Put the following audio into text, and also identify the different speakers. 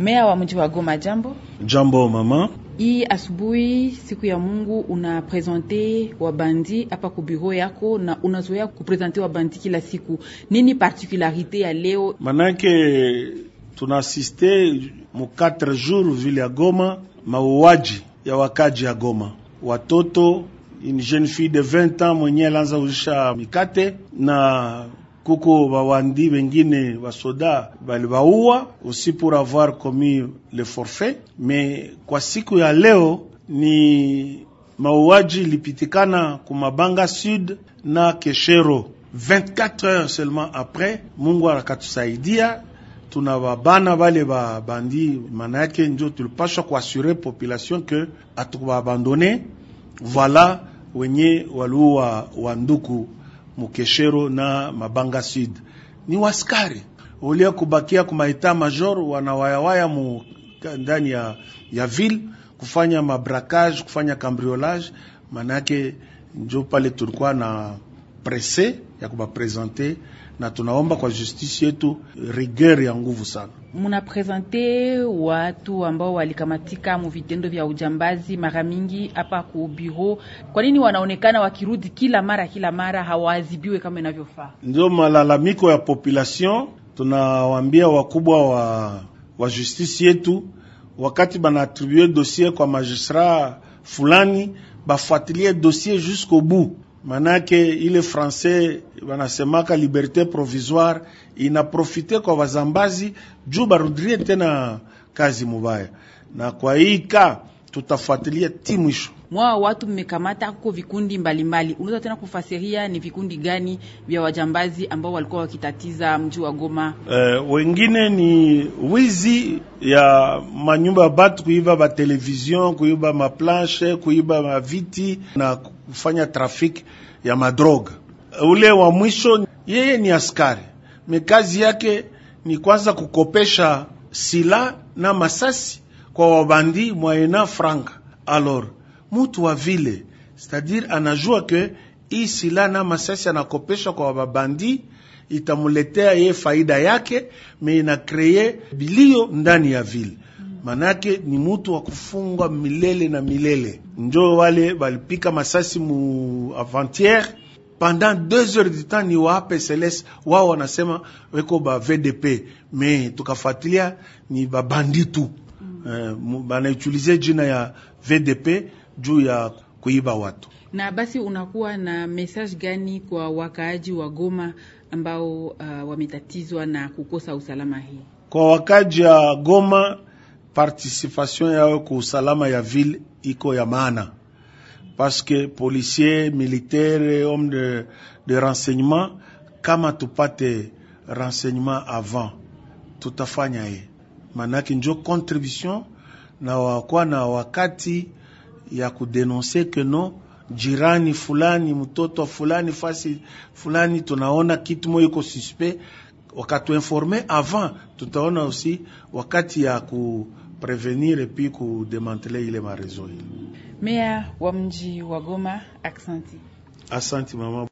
Speaker 1: Meya wa mji wa Goma, jambo.
Speaker 2: Jambo mama.
Speaker 1: Hii asubuhi siku ya Mungu unaprezente wabandi hapa ku biro yako, na unazoea kuprezente wabandi kila siku. Nini particularite ya leo?
Speaker 2: Manake tunaasiste mu 4 jours vile ya Goma, mauaji ya wakaji ya Goma, watoto une jeune fille de 20 ans mwenye lanza uzisha mikate na kuko bawandi bengine basoda balibaua aussi pour avoir commis le forfait. Me kwa siku ya leo ni mauaji lipitikana kumabanga sud na Keshero 24 heures seulement après. Mungu akatusaidia babana bale babandi, maana yake njo tulipashwa kuasure population ke atukubabandone. Voilà wenye waliuwa wa nduku Mukeshero na Mabanga Sud ni waskari ulia kubakia kumaita major wanawayawaya mu ndani ya, ya ville kufanya mabrakage kufanya cambriolage, manake njo pale tulikuwa na prese ya kubaprezente na tunaomba kwa justice yetu rigueur ya nguvu sana.
Speaker 1: Munaprezente watu ambao walikamatika muvitendo vya ujambazi mara mingi hapa ku bureau, kwa nini wanaonekana wakirudi kila mara kila mara, hawaadhibiwe kama inavyofaa?
Speaker 2: Ndio malalamiko ya population. Tunawaambia wakubwa wa, wa justice yetu wakati banaatribue dossier kwa magistrat fulani bafuatilie dossier jusqu'au bout manake ile francais wanasemaka liberté provisoire inaprofite kwa wazambazi juu barudrie tena kazi mubaya, na kwa hii ka tutafuatilia ti mwisho.
Speaker 1: Mwaa watu mmekamata huko vikundi mbalimbali, unaweza tena kufasiria ni vikundi gani vya wajambazi ambao walikuwa wakitatiza mji wa Goma?
Speaker 2: Eh, wengine ni wizi ya manyumba ya batu, kuiba ba television, kuiba maplanshe, kuiba maviti na kufanya trafiki ya madroga. Ule wa mwisho yeye ni askari mekazi yake ni kwanza kukopesha sila na masasi kwa wabandi moyena franc. alor mutu wa vile c'est-à-dire anajua ke hii sila na masasi anakopesha kwa wabandi itamuletea ye faida yake, me inakreye bilio ndani ya vile manake ni mutu wa kufungwa milele na milele. Njo wale balipika masasi mu avantiere pendant deux heures du temps ni waape selese wao wanasema weko ba VDP, me tukafuatilia ni babandi tu eh, jina ya VDP juu ya kuiba watu.
Speaker 1: Na basi unakuwa na message gani kwa wakaaji wa Goma ambao uh, wametatizwa na kukosa usalama hii?
Speaker 2: Kwa wakaaji ya Goma, participation yao kwa usalama ya ville iko ya maana paske policier militaire homme de, de renseignement, kama tupate renseignement avant tutafanya ye maanake njo contribution na wakwa na wakati ya kudenonse keno jirani fulani, mtoto fulani, fasi fulani, tunaona kitu moyo iko suspect, wakatuinforme avant, tutaona aussi wakati ya kuprevenir epi kudemantele ile marezo ile. Meya wa mji
Speaker 1: wa Goma, aksanti.
Speaker 2: Asanti mama.